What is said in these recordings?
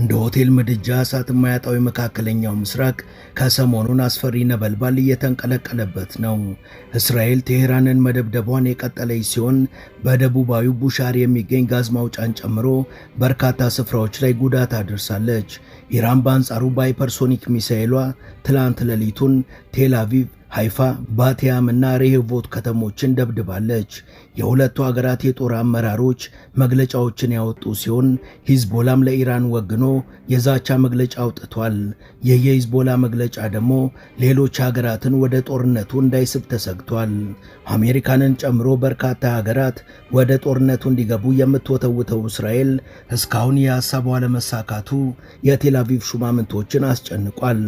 እንደ ሆቴል ምድጃ እሳት የማያጣው የመካከለኛው ምስራቅ ከሰሞኑን አስፈሪ ነበልባል እየተንቀለቀለበት ነው። እስራኤል ቴሄራንን መደብደቧን የቀጠለች ሲሆን በደቡባዊ ቡሻር የሚገኝ ጋዝ ማውጫን ጨምሮ በርካታ ስፍራዎች ላይ ጉዳት አድርሳለች። ኢራን በአንጻሩ በሃይፐርሶኒክ ሚሳኤሏ ትላንት ሌሊቱን ቴል አቪቭ፣ ሃይፋ፣ ባቲያም እና ሬሄቮት ከተሞችን ደብድባለች። የሁለቱ አገራት የጦር አመራሮች መግለጫዎችን ያወጡ ሲሆን ሂዝቦላም ለኢራን ወግኖ የዛቻ መግለጫ አውጥቷል። ይህ የሂዝቦላ መግለጫ ደግሞ ሌሎች ሀገራትን ወደ ጦርነቱ እንዳይስብ ተሰግቷል። አሜሪካንን ጨምሮ በርካታ ሀገራት ወደ ጦርነቱ እንዲገቡ የምትወተውተው እስራኤል እስካሁን የሐሳቧ ለመሳካቱ የቴል የቴላቪቭ ሹማምንቶችን አስጨንቋል።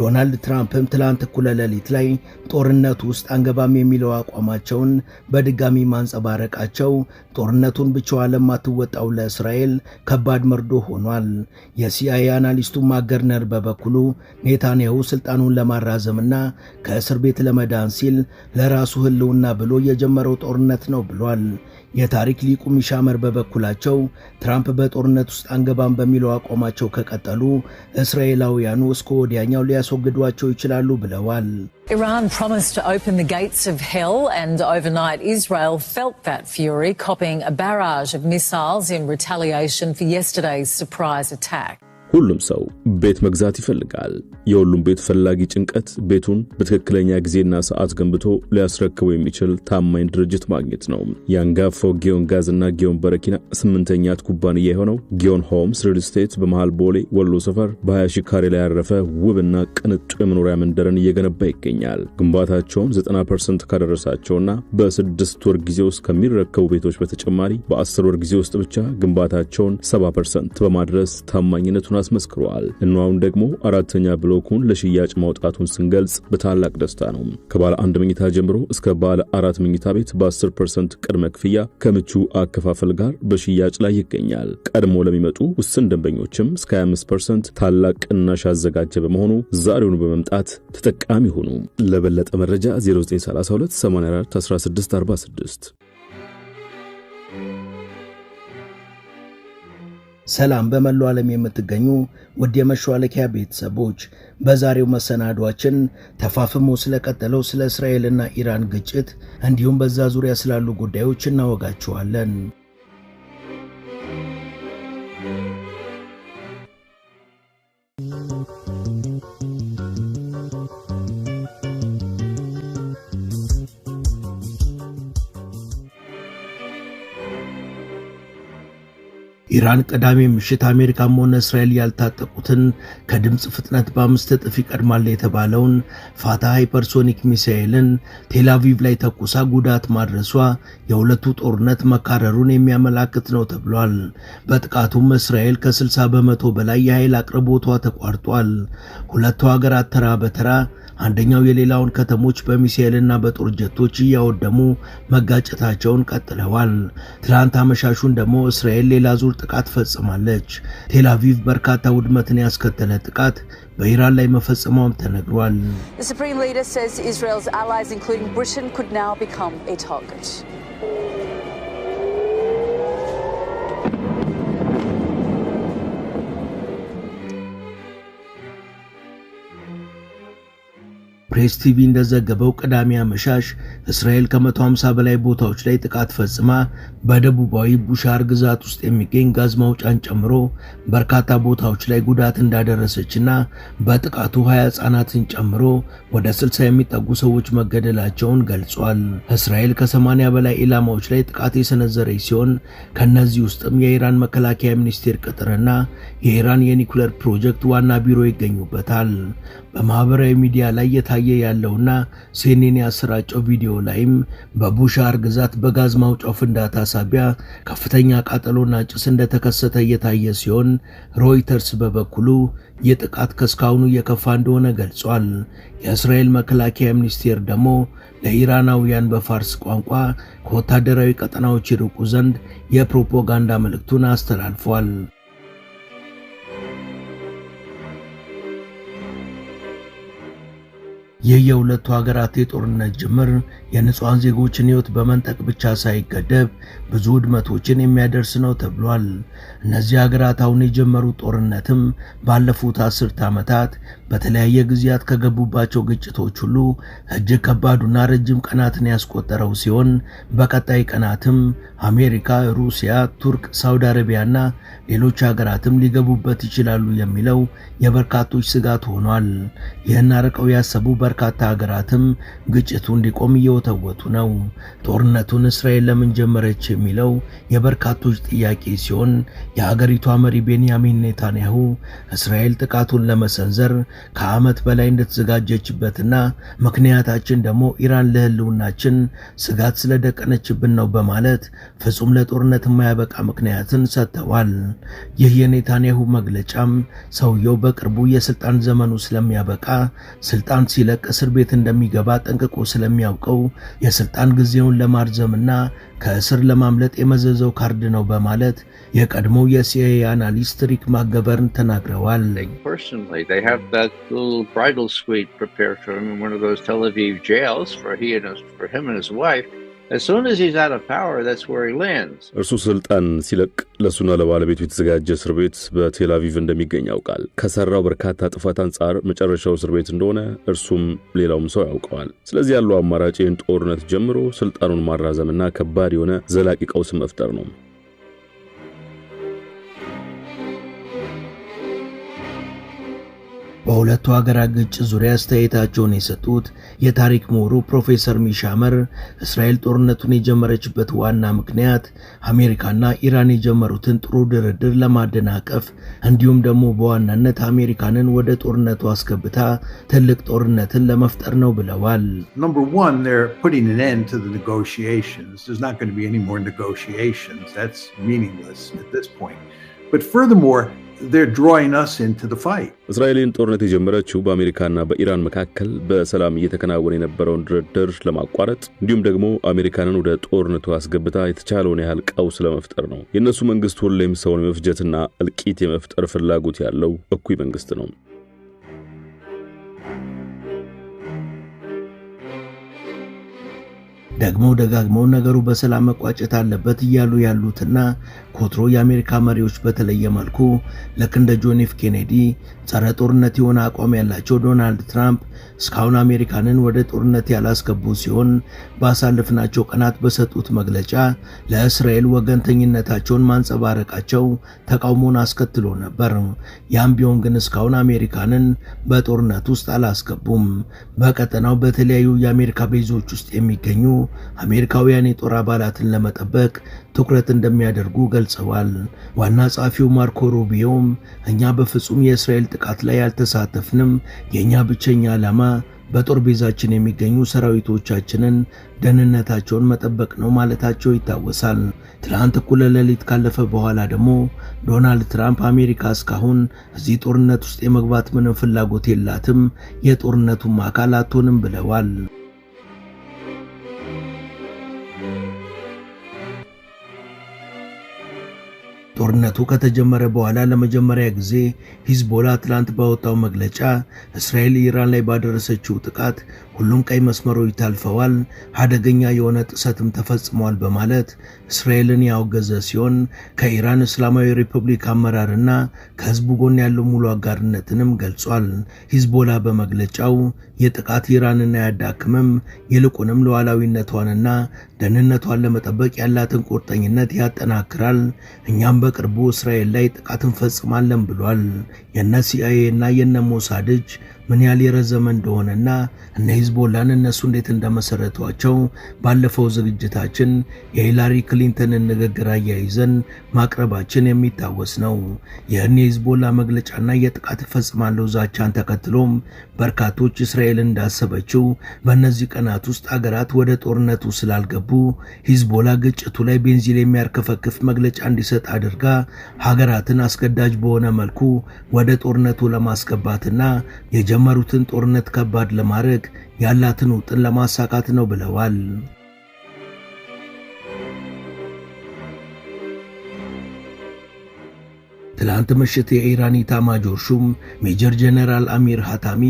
ዶናልድ ትራምፕም ትላንት እኩለ ሌሊት ላይ ጦርነት ውስጥ አንገባም የሚለው አቋማቸውን በድጋሚ ማንጸባረቃቸው ጦርነቱን ብቻዋ ለማትወጣው ለእስራኤል ከባድ መርዶ ሆኗል። የሲአይኤ አናሊስቱ ማገርነር በበኩሉ ኔታንያሁ ስልጣኑን ለማራዘምና ከእስር ቤት ለመዳን ሲል ለራሱ ህልውና ብሎ የጀመረው ጦርነት ነው ብሏል። የታሪክ ሊቁ ሚሻመር በበኩላቸው ትራምፕ በጦርነት ውስጥ አንገባም በሚለው አቋማቸው ከቀጠሉ እስራኤላውያኑ እስከ ወዲያኛው ሊያስወግዷቸው ይችላሉ ብለዋል። promised to open the gates of hell and overnight Israel felt that fury, copying a barrage of missiles in retaliation for yesterday's surprise attack. ሁሉም ሰው ቤት መግዛት ይፈልጋል። የሁሉም ቤት ፈላጊ ጭንቀት ቤቱን በትክክለኛ ጊዜና ሰዓት ገንብቶ ሊያስረክበው የሚችል ታማኝ ድርጅት ማግኘት ነው። የአንጋፋው ጊዮን ጋዝና ጊዮን በረኪና ስምንተኛት ኩባንያ የሆነው ጊዮን ሆምስ ሪል ስቴት በመሃል ቦሌ ወሎ ሰፈር በ20 ካሬ ላይ ያረፈ ውብና ቅንጡ የመኖሪያ መንደርን እየገነባ ይገኛል። ግንባታቸውን 90 ፐርሰንት ካደረሳቸውና በስድስት ወር ጊዜ ውስጥ ከሚረከቡ ቤቶች በተጨማሪ በአስር ወር ጊዜ ውስጥ ብቻ ግንባታቸውን 70 ፐርሰንት በማድረስ ታማኝነቱን መሆኑን አስመስክሯል። እናሁን ደግሞ አራተኛ ብሎኩን ለሽያጭ ማውጣቱን ስንገልጽ በታላቅ ደስታ ነው። ከባለ አንድ መኝታ ጀምሮ እስከ ባለ አራት መኝታ ቤት በ10 ፐርሰንት ቅድመ ክፍያ ከምቹ አከፋፈል ጋር በሽያጭ ላይ ይገኛል። ቀድሞ ለሚመጡ ውስን ደንበኞችም እስከ 25 ፐርሰንት ታላቅ ቅናሽ አዘጋጀ በመሆኑ ዛሬውኑ በመምጣት ተጠቃሚ ሆኑ። ለበለጠ መረጃ 0932 84 1646 ሰላም በመላው ዓለም የምትገኙ ውድ የመሿለኪያ ቤተሰቦች፣ በዛሬው መሰናዷችን ተፋፍሞ ስለቀጠለው ስለ እስራኤልና ኢራን ግጭት እንዲሁም በዛ ዙሪያ ስላሉ ጉዳዮች እናወጋችኋለን። ኢራን ቅዳሜ ምሽት አሜሪካም ሆነ እስራኤል ያልታጠቁትን ከድምፅ ፍጥነት በአምስት እጥፍ ይቀድማል የተባለውን ፋታ ሃይፐርሶኒክ ሚሳኤልን ቴላቪቭ ላይ ተኩሳ ጉዳት ማድረሷ የሁለቱ ጦርነት መካረሩን የሚያመላክት ነው ተብሏል። በጥቃቱም እስራኤል ከ60 በመቶ በላይ የኃይል አቅርቦቷ ተቋርጧል። ሁለቱ ሀገራት ተራ በተራ አንደኛው የሌላውን ከተሞች በሚሳኤልና በጦር ጀቶች እያወደሙ መጋጨታቸውን ቀጥለዋል። ትላንት አመሻሹን ደግሞ እስራኤል ሌላ ዙር ጥቃት ፈጽማለች። ቴላቪቭ በርካታ ውድመትን ያስከተለ ጥቃት በኢራን ላይ መፈጸሟም ተነግሯል። ፕሬስ ቲቪ እንደዘገበው ቅዳሜ አመሻሽ እስራኤል ከ150 በላይ ቦታዎች ላይ ጥቃት ፈጽማ በደቡባዊ ቡሻር ግዛት ውስጥ የሚገኝ ጋዝ ማውጫን ጨምሮ በርካታ ቦታዎች ላይ ጉዳት እንዳደረሰችና በጥቃቱ 20 ሕፃናትን ጨምሮ ወደ 60 የሚጠጉ ሰዎች መገደላቸውን ገልጿል። እስራኤል ከ80 በላይ ኢላማዎች ላይ ጥቃት የሰነዘረች ሲሆን ከእነዚህ ውስጥም የኢራን መከላከያ ሚኒስቴር ቅጥርና የኢራን የኒኩሌር ፕሮጀክት ዋና ቢሮ ይገኙበታል። በማኅበራዊ ሚዲያ ላይ የታ እየታየ ያለውና ሴኔን ያሰራጨው ቪዲዮ ላይም በቡሻር ግዛት በጋዝ ማውጫው ፍንዳታ ሳቢያ ከፍተኛ ቃጠሎና ጭስ እንደተከሰተ እየታየ ሲሆን ሮይተርስ በበኩሉ የጥቃት ከስካሁኑ የከፋ እንደሆነ ገልጿል። የእስራኤል መከላከያ ሚኒስቴር ደግሞ ለኢራናውያን በፋርስ ቋንቋ ከወታደራዊ ቀጠናዎች ይርቁ ዘንድ የፕሮፓጋንዳ መልእክቱን አስተላልፏል። ይህ የሁለቱ ሀገራት የጦርነት ጅምር የንጹሐን ዜጎችን ሕይወት በመንጠቅ ብቻ ሳይገደብ ብዙ ውድመቶችን የሚያደርስ ነው ተብሏል። እነዚህ ሀገራት አሁን የጀመሩት ጦርነትም ባለፉት አስርት ዓመታት በተለያየ ጊዜያት ከገቡባቸው ግጭቶች ሁሉ እጅግ ከባዱና ረጅም ቀናትን ያስቆጠረው ሲሆን በቀጣይ ቀናትም አሜሪካ፣ ሩሲያ፣ ቱርክ፣ ሳውዲ አረቢያና ሌሎች ሀገራትም ሊገቡበት ይችላሉ የሚለው የበርካቶች ስጋት ሆኗል። ይህን አርቀው ያሰቡ በርካታ ሀገራትም ግጭቱ እንዲቆም እየወተወቱ ነው። ጦርነቱን እስራኤል ለምን ጀመረች የሚለው የበርካቶች ጥያቄ ሲሆን የሀገሪቷ መሪ ቤንያሚን ኔታንያሁ እስራኤል ጥቃቱን ለመሰንዘር ከዓመት በላይ እንደተዘጋጀችበትና ምክንያታችን ደግሞ ኢራን ለሕልውናችን ስጋት ስለደቀነችብን ነው በማለት ፍጹም ለጦርነት የማያበቃ ምክንያትን ሰጥተዋል። ይህ የኔታንያሁ መግለጫም ሰውየው በቅርቡ የስልጣን ዘመኑ ስለሚያበቃ ስልጣን ሲለቅ እስር ቤት እንደሚገባ ጠንቅቆ ስለሚያውቀው የስልጣን ጊዜውን ለማርዘምና ከእስር ለማምለጥ የመዘዘው ካርድ ነው በማለት የቀድሞው የሲአይኤ አናሊስት ሪክ ማገበርን ተናግረዋል። ሪክ እርሱ ስልጣን ሲለቅ ለእሱና ለባለቤቱ የተዘጋጀ እስር ቤት በቴላቪቭ እንደሚገኝ ያውቃል። ከሠራው በርካታ ጥፋት አንጻር መጨረሻው እስር ቤት እንደሆነ እርሱም ሌላውም ሰው ያውቀዋል። ስለዚህ ያለው አማራጭ ይህን ጦርነት ጀምሮ ስልጣኑን ማራዘምና ከባድ የሆነ ዘላቂ ቀውስ መፍጠር ነው። በሁለቱ ሀገራት ግጭት ዙሪያ አስተያየታቸውን የሰጡት የታሪክ ምሁሩ ፕሮፌሰር ሚሻመር እስራኤል ጦርነቱን የጀመረችበት ዋና ምክንያት አሜሪካና ኢራን የጀመሩትን ጥሩ ድርድር ለማደናቀፍ እንዲሁም ደግሞ በዋናነት አሜሪካንን ወደ ጦርነቱ አስገብታ ትልቅ ጦርነትን ለመፍጠር ነው ብለዋል። But furthermore, they're drawing us into the fight. እስራኤልን ጦርነት የጀመረችው በአሜሪካና በኢራን መካከል በሰላም እየተከናወነ የነበረውን ድርድር ለማቋረጥ እንዲሁም ደግሞ አሜሪካንን ወደ ጦርነቱ አስገብታ የተቻለውን ያህል ቀውስ ለመፍጠር ነው። የእነሱ መንግስት ሁሌም ሰውን የመፍጀትና እልቂት የመፍጠር ፍላጎት ያለው እኩይ መንግስት ነው። ደግሞ ደጋግመው ነገሩ በሰላም መቋጨት አለበት እያሉ ያሉትና ኮትሮ የአሜሪካ መሪዎች በተለየ መልኩ ልክ እንደ ጆን ኤፍ ኬኔዲ ጸረ ጦርነት የሆነ አቋም ያላቸው ዶናልድ ትራምፕ እስካሁን አሜሪካንን ወደ ጦርነት ያላስገቡ ሲሆን ባሳለፍናቸው ቀናት በሰጡት መግለጫ ለእስራኤል ወገንተኝነታቸውን ማንጸባረቃቸው ተቃውሞን አስከትሎ ነበር። ያም ቢሆን ግን እስካሁን አሜሪካንን በጦርነት ውስጥ አላስገቡም። በቀጠናው በተለያዩ የአሜሪካ ቤዞች ውስጥ የሚገኙ አሜሪካውያን የጦር አባላትን ለመጠበቅ ትኩረት እንደሚያደርጉ ገልጸዋል። ዋና ጸሐፊው ማርኮ ሩቢዮም እኛ በፍጹም የእስራኤል ጥቃት ላይ አልተሳተፍንም፣ የእኛ ብቸኛ ዓላማ በጦር ቤዛችን የሚገኙ ሰራዊቶቻችንን ደህንነታቸውን መጠበቅ ነው ማለታቸው ይታወሳል። ትላንት እኩለ ሌሊት ካለፈ በኋላ ደግሞ ዶናልድ ትራምፕ አሜሪካ እስካሁን እዚህ ጦርነት ውስጥ የመግባት ምንም ፍላጎት የላትም፣ የጦርነቱም አካል አትሆንም ብለዋል። ጦርነቱ ከተጀመረ በኋላ ለመጀመሪያ ጊዜ ሂዝቦላ ትላንት ባወጣው መግለጫ እስራኤል ኢራን ላይ ባደረሰችው ጥቃት ሁሉም ቀይ መስመሮች ታልፈዋል፣ አደገኛ የሆነ ጥሰትም ተፈጽሟል በማለት እስራኤልን ያወገዘ ሲሆን ከኢራን እስላማዊ ሪፐብሊክ አመራርና ከህዝቡ ጎን ያለው ሙሉ አጋርነትንም ገልጿል። ሂዝቦላ በመግለጫው የጥቃት ኢራንን አያዳክምም፣ ይልቁንም ሉዓላዊነቷንና ደህንነቷን ለመጠበቅ ያላትን ቁርጠኝነት ያጠናክራል እኛም በቅርቡ እስራኤል ላይ ጥቃት እንፈጽማለን ብሏል። የነ ሲአይኤ እና የነ ሞሳድ እጅ ምን ያህል የረዘመ እንደሆነና እነ ሂዝቦላን እነሱ እንዴት እንደመሰረቷቸው ባለፈው ዝግጅታችን የሂላሪ ክሊንተንን ንግግር አያይዘን ማቅረባችን የሚታወስ ነው። ይህን የሂዝቦላ መግለጫና የጥቃት እፈጽማለሁ ዛቻን ተከትሎም በርካቶች እስራኤል እንዳሰበችው በእነዚህ ቀናት ውስጥ አገራት ወደ ጦርነቱ ስላልገቡ ሂዝቦላ ግጭቱ ላይ ቤንዚል የሚያርከፈክፍ መግለጫ እንዲሰጥ አድርጋ ሀገራትን አስገዳጅ በሆነ መልኩ ወደ ጦርነቱ ለማስገባትና የጀመሩትን ጦርነት ከባድ ለማድረግ ያላትን ውጥን ለማሳካት ነው ብለዋል። ትላንት ምሽት የኢራን ኢታማጆር ሹም ሜጀር ጀነራል አሚር ሃታሚ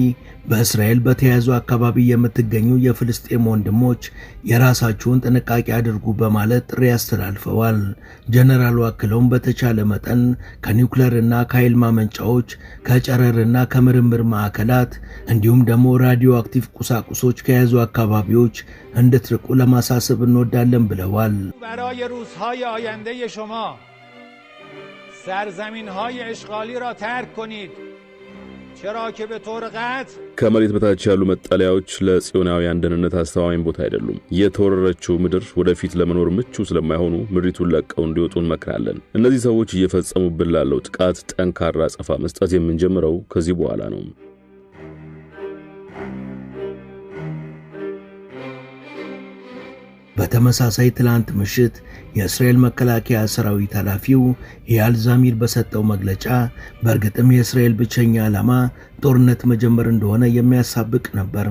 በእስራኤል በተያያዙ አካባቢ የምትገኙ የፍልስጤም ወንድሞች የራሳችሁን ጥንቃቄ አድርጉ በማለት ጥሪ አስተላልፈዋል። ጀነራሉ አክለውም በተቻለ መጠን ከኒውክለርና ከኃይል ማመንጫዎች ከጨረርና ከምርምር ማዕከላት እንዲሁም ደግሞ ራዲዮ አክቲቭ ቁሳቁሶች ከያዙ አካባቢዎች እንድትርቁ ለማሳሰብ እንወዳለን ብለዋል። سرزمین های اشغالی را ترک کنید چرا که به طور قطع ከመሬት በታች ያሉ መጠለያዎች ለጽዮናውያን ደህንነት አስተማማኝ ቦታ አይደሉም። የተወረረችው ምድር ወደፊት ለመኖር ምቹ ስለማይሆኑ ምድሪቱን ለቀው እንዲወጡ እንመክራለን። እነዚህ ሰዎች እየፈጸሙብን ላለው ጥቃት ጠንካራ አጸፋ መስጠት የምንጀምረው ከዚህ በኋላ ነው። በተመሳሳይ ትላንት ምሽት የእስራኤል መከላከያ ሰራዊት ኃላፊው ኢያል ዛሚር በሰጠው መግለጫ በእርግጥም የእስራኤል ብቸኛ ዓላማ ጦርነት መጀመር እንደሆነ የሚያሳብቅ ነበር።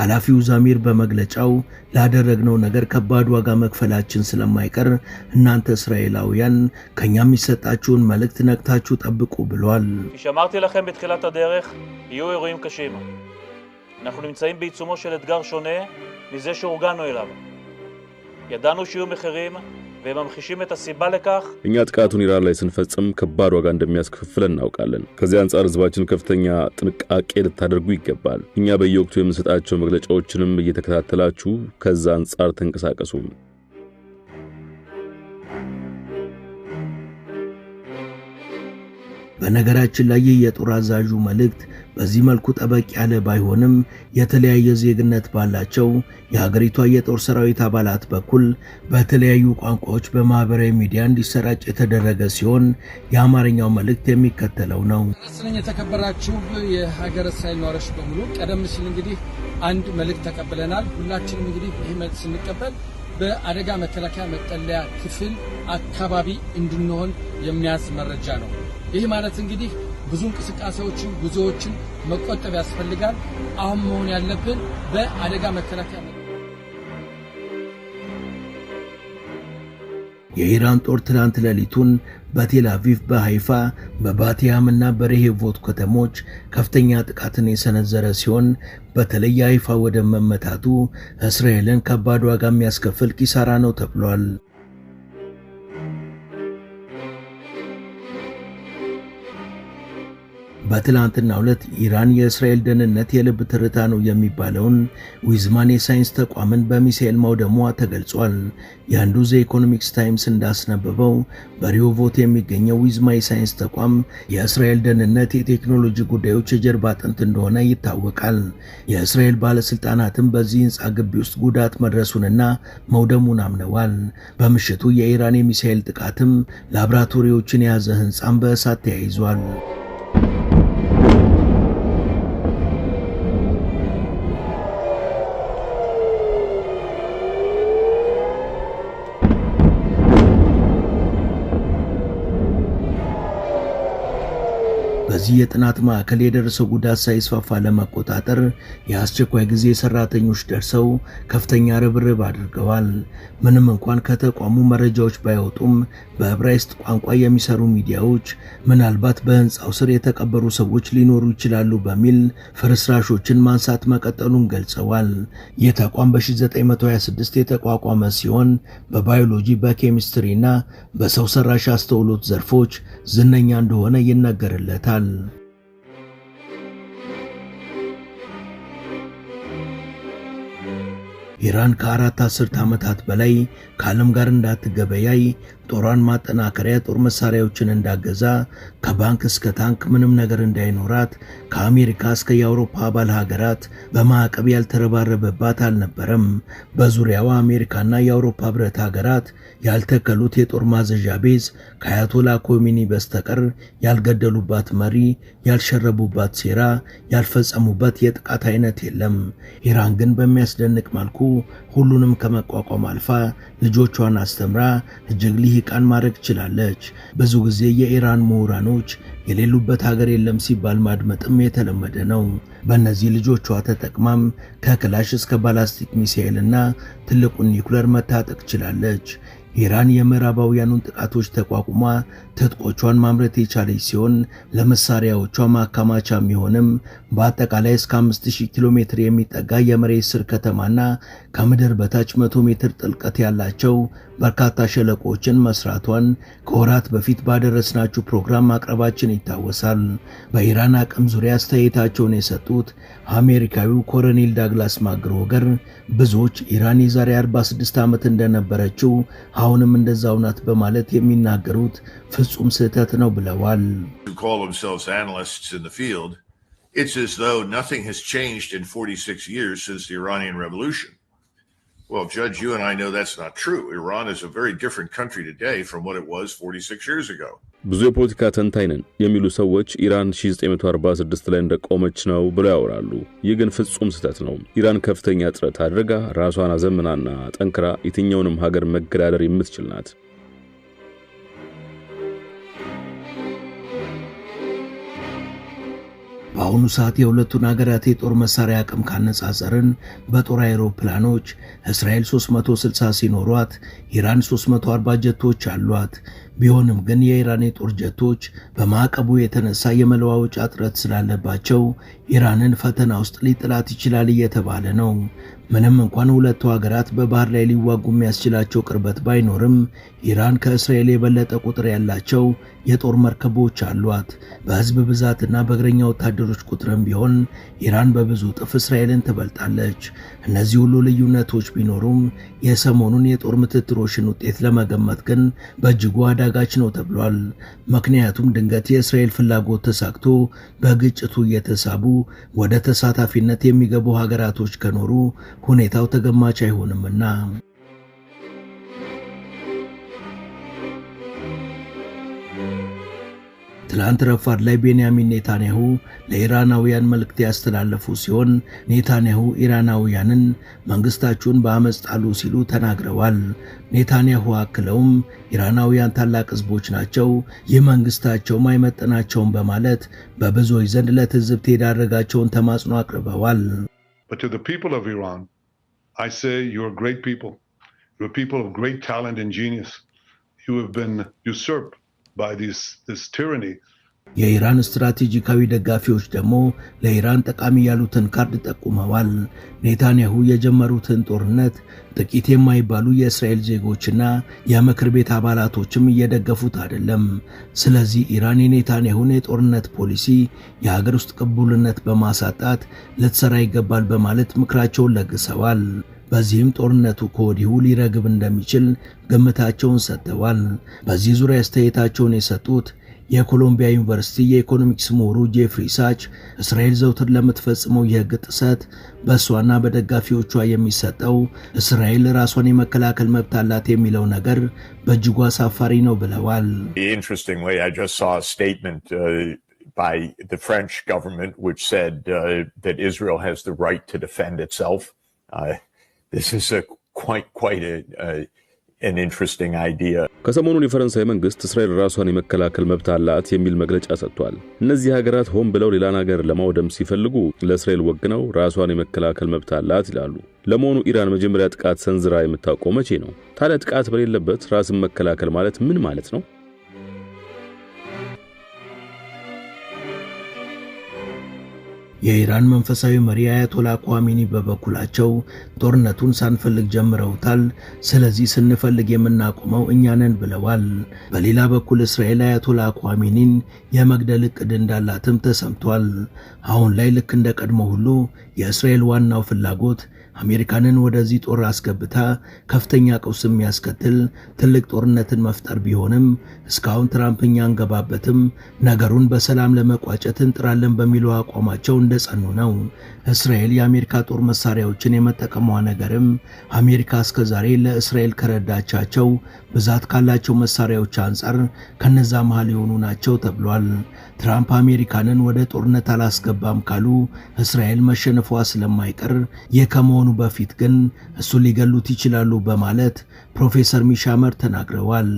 ኃላፊው ዛሚር በመግለጫው ላደረግነው ነገር ከባድ ዋጋ መክፈላችን ስለማይቀር እናንተ እስራኤላውያን ከእኛ የሚሰጣችሁን መልእክት ነቅታችሁ ጠብቁ ብሏል። ሸማርቲ אנחנו נמצאים בעיצומו של אתגר שונה מזה שהורגלנו אליו ידענו שיהיו מחירים, והם ממחישים את הסיבה לכך. እኛ ጥቃቱን ኢራን ላይ ስንፈጽም ከባድ ዋጋ እንደሚያስከፍለን እናውቃለን። ከዚህ አንጻር ህዝባችን ከፍተኛ ጥንቃቄ ልታደርጉ ይገባል። እኛ በየወቅቱ የምንሰጣቸው መግለጫዎችንም እየተከታተላችሁ ከዛ አንጻር ተንቀሳቀሱ። በነገራችን ላይ ይህ የጦር አዛዡ መልእክት በዚህ መልኩ ጠበቅ ያለ ባይሆንም የተለያየ ዜግነት ባላቸው የሀገሪቷ የጦር ሰራዊት አባላት በኩል በተለያዩ ቋንቋዎች በማህበራዊ ሚዲያ እንዲሰራጭ የተደረገ ሲሆን የአማርኛው መልእክት የሚከተለው ነው። ስለኝ የተከበራችሁ የሀገረ እስራኤል ነዋሪዎች በሙሉ ቀደም ሲል እንግዲህ አንድ መልእክት ተቀብለናል። ሁላችንም እንግዲህ ይህ መልእክት ስንቀበል በአደጋ መከላከያ መጠለያ ክፍል አካባቢ እንድንሆን የሚያዝ መረጃ ነው። ይህ ማለት እንግዲህ ብዙ እንቅስቃሴዎችን፣ ጉዞዎችን መቆጠብ ያስፈልጋል። አሁን መሆን ያለብን በአደጋ መከላከያ የኢራን ጦር ትናንት ሌሊቱን በቴል አቪቭ፣ በሃይፋ፣ በባቲያም እና በሬሄቮት ከተሞች ከፍተኛ ጥቃትን የሰነዘረ ሲሆን በተለይ ሃይፋ ወደብ መመታቱ እስራኤልን ከባድ ዋጋ የሚያስከፍል ኪሳራ ነው ተብሏል። በትላንትና ሁለት ኢራን የእስራኤል ደህንነት የልብ ትርታ ነው የሚባለውን ዊዝማን የሳይንስ ተቋምን በሚሳኤል ማውደሟ ተገልጿል። የአንዱ ዘ ኢኮኖሚክስ ታይምስ እንዳስነበበው በሪዮቮት የሚገኘው ዊዝማ የሳይንስ ተቋም የእስራኤል ደህንነት የቴክኖሎጂ ጉዳዮች የጀርባ አጥንት እንደሆነ ይታወቃል። የእስራኤል ባለስልጣናትም በዚህ ህንፃ ግቢ ውስጥ ጉዳት መድረሱንና መውደሙን አምነዋል። በምሽቱ የኢራን የሚሳኤል ጥቃትም ላብራቶሪዎችን የያዘ ህንፃም በእሳት ተያይዟል። በዚህ የጥናት ማዕከል የደረሰው ጉዳት ሳይስፋፋ ለመቆጣጠር የአስቸኳይ ጊዜ ሰራተኞች ደርሰው ከፍተኛ ርብርብ አድርገዋል። ምንም እንኳን ከተቋሙ መረጃዎች ባይወጡም በዕብራይስጥ ቋንቋ የሚሰሩ ሚዲያዎች ምናልባት በህንፃው ስር የተቀበሩ ሰዎች ሊኖሩ ይችላሉ በሚል ፍርስራሾችን ማንሳት መቀጠሉን ገልጸዋል። የተቋም ተቋም በ1926 የተቋቋመ ሲሆን በባዮሎጂ በኬሚስትሪና በሰው ሰራሽ አስተውሎት ዘርፎች ዝነኛ እንደሆነ ይነገርለታል። ኢራን ከአራት አስርት ዓመታት በላይ ከዓለም ጋር እንዳትገበያይ ጦሯን ማጠናከሪያ ጦር መሳሪያዎችን እንዳገዛ ከባንክ እስከ ታንክ ምንም ነገር እንዳይኖራት ከአሜሪካ እስከ የአውሮፓ አባል ሀገራት በማዕቀብ ያልተረባረበባት አልነበረም። በዙሪያዋ አሜሪካና የአውሮፓ ህብረት ሀገራት ያልተከሉት የጦር ማዘዣ ቤዝ ከአያቶላ ኮሚኒ በስተቀር ያልገደሉባት መሪ፣ ያልሸረቡባት ሴራ፣ ያልፈጸሙበት የጥቃት አይነት የለም። ኢራን ግን በሚያስደንቅ መልኩ ሁሉንም ከመቋቋም አልፋ ልጆቿን አስተምራ እጅግ ቃን ማድረግ ችላለች። ብዙ ጊዜ የኢራን ምሁራኖች የሌሉበት ሀገር የለም ሲባል ማድመጥም የተለመደ ነው። በእነዚህ ልጆቿ ተጠቅማም ከክላሽ እስከ ባላስቲክ ሚሳኤልና ትልቁን ኒኩለር መታጠቅ ችላለች። ኢራን የምዕራባውያኑን ጥቃቶች ተቋቁማ ትጥቆቿን ማምረት የቻለች ሲሆን ለመሳሪያዎቿ ማካማቻ የሚሆንም በአጠቃላይ እስከ 5000 ኪሎ ሜትር የሚጠጋ የመሬት ስር ከተማና ከምድር በታች 100 ሜትር ጥልቀት ያላቸው በርካታ ሸለቆዎችን መስራቷን ከወራት በፊት ባደረስናችሁ ፕሮግራም ማቅረባችን ይታወሳል። በኢራን አቅም ዙሪያ አስተያየታቸውን የሰጡት አሜሪካዊው ኮሎኔል ዳግላስ ማግሮገር ብዙዎች ኢራን የዛሬ 46 ዓመት እንደነበረችው አሁንም እንደዛው ናት በማለት የሚናገሩት ፍጹም ስህተት ነው ብለዋል። It's as though nothing has changed in 46 years since the Iranian Revolution. Well, Judge, you and I know that's not true. Iran is a very different country today from what it was 46 years ago. ብዙ የፖለቲካ ተንታኝ ነን የሚሉ ሰዎች ኢራን 1946 ላይ እንደቆመች ነው ብለው ያወራሉ። ይህ ግን ፍጹም ስህተት ነው። ኢራን ከፍተኛ ጥረት አድርጋ ራሷን አዘምናና ጠንክራ የትኛውንም ሀገር መገዳደር የምትችል ናት። በአሁኑ ሰዓት የሁለቱን አገራት የጦር መሳሪያ አቅም ካነጻጸርን በጦር አይሮፕላኖች እስራኤል 360 ሲኖሯት ኢራን 340 ጀቶች አሏት። ቢሆንም ግን የኢራን የጦር ጀቶች በማዕቀቡ የተነሳ የመለዋወጫ እጥረት ስላለባቸው ኢራንን ፈተና ውስጥ ሊጥላት ይችላል እየተባለ ነው። ምንም እንኳን ሁለቱ ሀገራት በባህር ላይ ሊዋጉ የሚያስችላቸው ቅርበት ባይኖርም ኢራን ከእስራኤል የበለጠ ቁጥር ያላቸው የጦር መርከቦች አሏት። በህዝብ ብዛትና በእግረኛ ወታደሮች ቁጥርም ቢሆን ኢራን በብዙ እጥፍ እስራኤልን ትበልጣለች። እነዚህ ሁሉ ልዩነቶች ቢኖሩም የሰሞኑን የጦር ምትትሮሽን ውጤት ለመገመት ግን በእጅጉ አዳ አዳጋች ነው ተብሏል። ምክንያቱም ድንገት የእስራኤል ፍላጎት ተሳክቶ በግጭቱ እየተሳቡ ወደ ተሳታፊነት የሚገቡ ሀገራቶች ከኖሩ ሁኔታው ተገማች አይሆንምና ትላንት ረፋድ ላይ ቤንያሚን ኔታንያሁ ለኢራናውያን መልእክት ያስተላለፉ ሲሆን ኔታንያሁ ኢራናውያንን መንግስታችሁን በአመፅ ጣሉ ሲሉ ተናግረዋል። ኔታንያሁ አክለውም ኢራናውያን ታላቅ ህዝቦች ናቸው፣ ይህ መንግስታቸውም በማለት በብዙዎች ዘንድ ለትዝብት የዳረጋቸውን ተማጽኖ አቅርበዋል። You have been usurped የኢራን ስትራቴጂካዊ ደጋፊዎች ደግሞ ለኢራን ጠቃሚ ያሉትን ካርድ ጠቁመዋል። ኔታንያሁ የጀመሩትን ጦርነት ጥቂት የማይባሉ የእስራኤል ዜጎችና የምክር ቤት አባላቶችም እየደገፉት አይደለም። ስለዚህ ኢራን የኔታንያሁን የጦርነት ፖሊሲ የሀገር ውስጥ ቅቡልነት በማሳጣት ልትሰራ ይገባል በማለት ምክራቸውን ለግሰዋል። በዚህም ጦርነቱ ከወዲሁ ሊረግብ እንደሚችል ግምታቸውን ሰጥተዋል። በዚህ ዙሪያ አስተያየታቸውን የሰጡት የኮሎምቢያ ዩኒቨርሲቲ የኢኮኖሚክስ ምሁሩ ጄፍሪ ሳች እስራኤል ዘውትር ለምትፈጽመው የሕግ ጥሰት በእሷና በደጋፊዎቿ የሚሰጠው እስራኤል ራሷን የመከላከል መብት አላት የሚለው ነገር በእጅጉ አሳፋሪ ነው ብለዋል። uh, by the French government, which said uh, that Israel has the right to defend itself. Uh, this is a quite quite a, a ከሰሞኑን የፈረንሳይ መንግስት እስራኤል ራሷን የመከላከል መብት አላት የሚል መግለጫ ሰጥቷል። እነዚህ ሀገራት ሆን ብለው ሌላን ሀገር ለማውደም ሲፈልጉ ለእስራኤል ወግነው ራሷን የመከላከል መብት አላት ይላሉ። ለመሆኑ ኢራን መጀመሪያ ጥቃት ሰንዝራ የምታውቀው መቼ ነው? ታዲያ ጥቃት በሌለበት ራስን መከላከል ማለት ምን ማለት ነው? የኢራን መንፈሳዊ መሪ አያቶላ ኳሚኒ በበኩላቸው ጦርነቱን ሳንፈልግ ጀምረውታል፣ ስለዚህ ስንፈልግ የምናቆመው እኛንን ብለዋል። በሌላ በኩል እስራኤል አያቶላ ኳሚኒን የመግደል እቅድ እንዳላትም ተሰምቷል። አሁን ላይ ልክ እንደ ቀድሞ ሁሉ የእስራኤል ዋናው ፍላጎት አሜሪካንን ወደዚህ ጦር አስገብታ ከፍተኛ ቀውስ የሚያስከትል ትልቅ ጦርነትን መፍጠር ቢሆንም እስካሁን ትራምፕ እኛ አንገባበትም፣ ነገሩን በሰላም ለመቋጨት እንጥራለን በሚለው አቋማቸው እንደጸኑ ነው። እስራኤል የአሜሪካ ጦር መሳሪያዎችን የመጠቀሟ ነገርም አሜሪካ እስከዛሬ ለእስራኤል ከረዳቻቸው ብዛት ካላቸው መሳሪያዎች አንጻር ከነዛ መሃል የሆኑ ናቸው ተብሏል። ትራምፕ አሜሪካንን ወደ ጦርነት አላስገባም ካሉ እስራኤል መሸነፏ ስለማይቀር ይህ ከመሆኑ በፊት ግን እሱን ሊገሉት ይችላሉ በማለት ፕሮፌሰር ሚሻመር ተናግረዋል።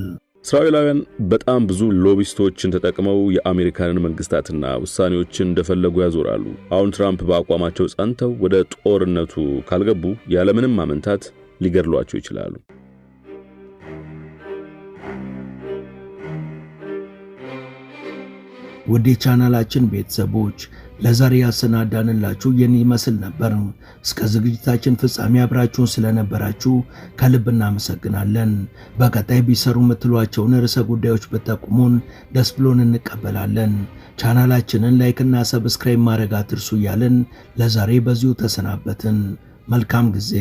እስራኤላውያን በጣም ብዙ ሎቢስቶችን ተጠቅመው የአሜሪካንን መንግስታትና ውሳኔዎችን እንደፈለጉ ያዞራሉ። አሁን ትራምፕ በአቋማቸው ጸንተው ወደ ጦርነቱ ካልገቡ ያለምንም አመንታት ሊገድሏቸው ይችላሉ። ውድ ቻናላችን ቤተሰቦች ለዛሬ ያሰናዳንላችሁ ይህን ይመስል ነበር። እስከ ዝግጅታችን ፍጻሜ አብራችሁን ስለነበራችሁ ከልብ እናመሰግናለን። በቀጣይ ቢሰሩ የምትሏቸውን ርዕሰ ጉዳዮች ብጠቁሙን ደስ ብሎን እንቀበላለን። ቻናላችንን ላይክና ሰብስክራይብ ማድረግ አትርሱ እያልን ለዛሬ በዚሁ ተሰናበትን። መልካም ጊዜ